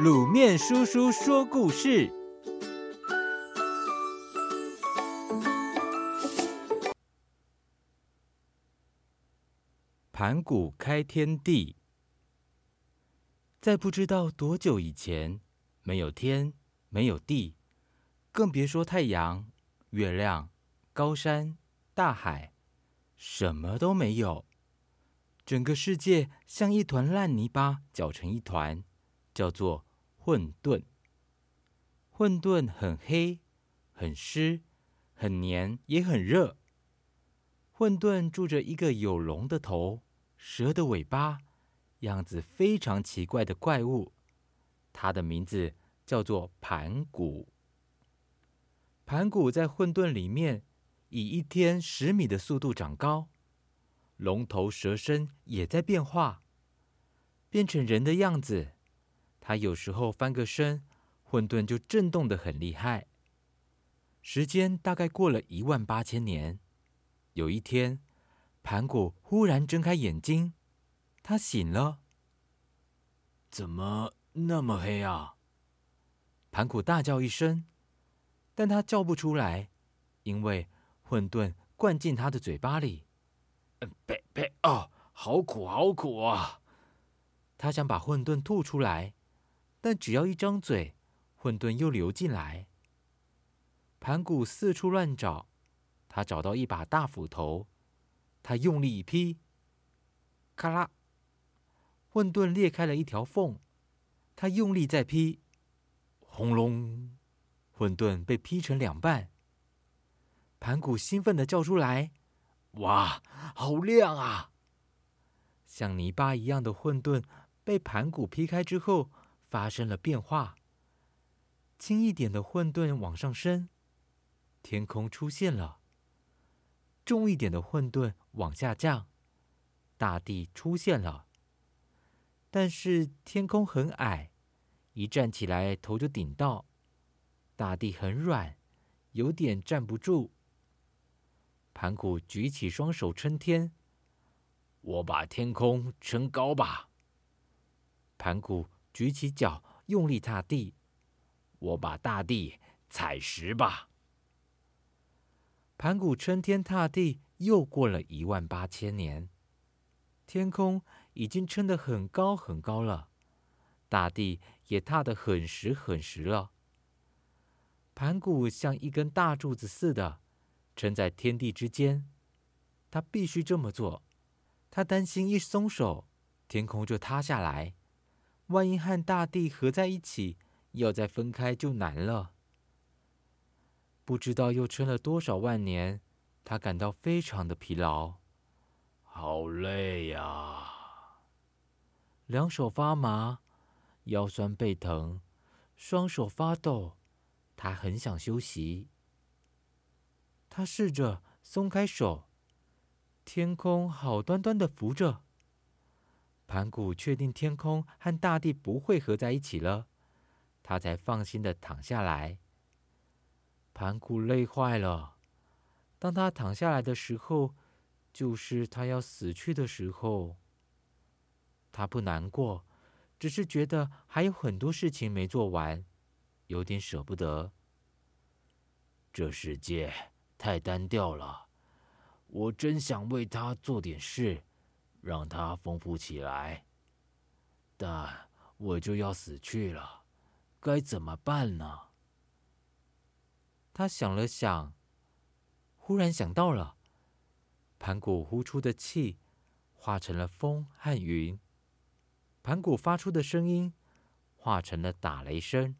滷麵叔叔說故事：盤古開天地。在不知道多久以前，沒有天，沒有地，更別說太陽、月亮、高山、大海，什麼都沒有。整個世界像一團爛泥巴，攪成一團。叫做混沌，混沌很黑、很濕、很黏，也很熱。混沌住着一個有龍的頭、蛇的尾巴，樣子非常奇怪的怪物，它的名字叫做盤古。盤古在混沌裡面以一天十米的速度長高，龍頭蛇身也在變化，變成人的樣子。他有時候翻個身，混沌就震動得很厲害。時間大概過了一萬八千年，有一天，盤古忽然睜開眼睛，他醒了。怎麼那麼黑啊？盤古大叫一聲，但他叫不出來，因為混沌灌進他的嘴巴裡。呸、呃、呸！啊、呃呃呃，好苦，好苦啊！他想把混沌吐出來。但只要一張嘴，混沌又流進來。盤古四處亂找，他找到一把大斧頭，他用力一劈，咔啦！混沌裂開了一條縫。他用力再劈，轟隆！混沌被劈成兩半。盤古興奮的叫出來：“哇，好亮啊！”像泥巴一樣的混沌被盤古劈開之後，發生了變化。輕一點的混沌往上升，天空出現了；重一點的混沌往下降，大地出現了。但是天空很矮，一站起來頭就頂到；大地很軟，有點站不住。盤古舉起雙手撐天，我把天空撐高吧。盤古。舉起腳，用力踏地，我把大地踩實吧。盤古撐天踏地，又過了一萬八千年，天空已經撐得很高很高了，大地也踏得很實很實了。盤古像一根大柱子似的，撐在天地之間。他必須這麼做，他擔心一鬆手，天空就塌下來。萬一和大地合在一起，要再分開就難了。不知道又撐了多少萬年，他感到非常的疲勞，好累呀、啊！兩手發麻，腰酸背疼，雙手發抖，他很想休息。他試着鬆開手，天空好端端的浮着。盤古確定天空和大地不會合在一起了，他才放心的躺下來。盤古累壞了，當他躺下來的時候，就是他要死去的時候。他不難過，只是覺得還有很多事情沒做完，有點捨不得。這世界太單調了，我真想為他做點事。讓它豐富起來，但我就要死去了，該怎麼辦呢？他想了想，忽然想到了：盤古呼出的氣化成了風和雲，盤古發出的聲音化成了打雷聲。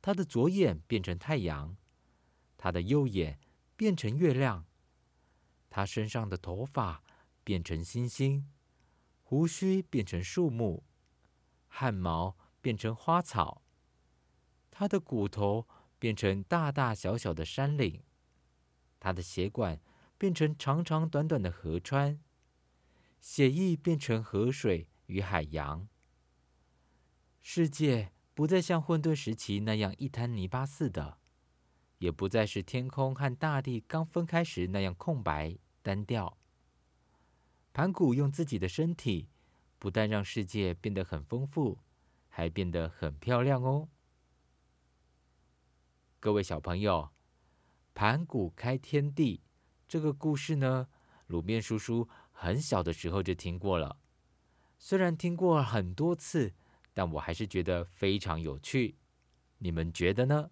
他的左眼變成太陽，他的右眼變成月亮，他身上的頭髮。變成星星，鬍鬚變成樹木，汗毛變成花草，他的骨頭變成大大小小的山嶺，他的血管變成長長短短的河川，血液變成河水與海洋。世界不再像混沌時期那樣一灘泥巴似的，也不再是天空和大地剛分開時那樣空白單調。盤古用自己的身體，不但讓世界變得很豐富，還變得很漂亮哦。各位小朋友，盤古開天地這個故事呢，滷麵叔叔很小的時候就聽過了。雖然聽過很多次，但我還是覺得非常有趣。你們覺得呢？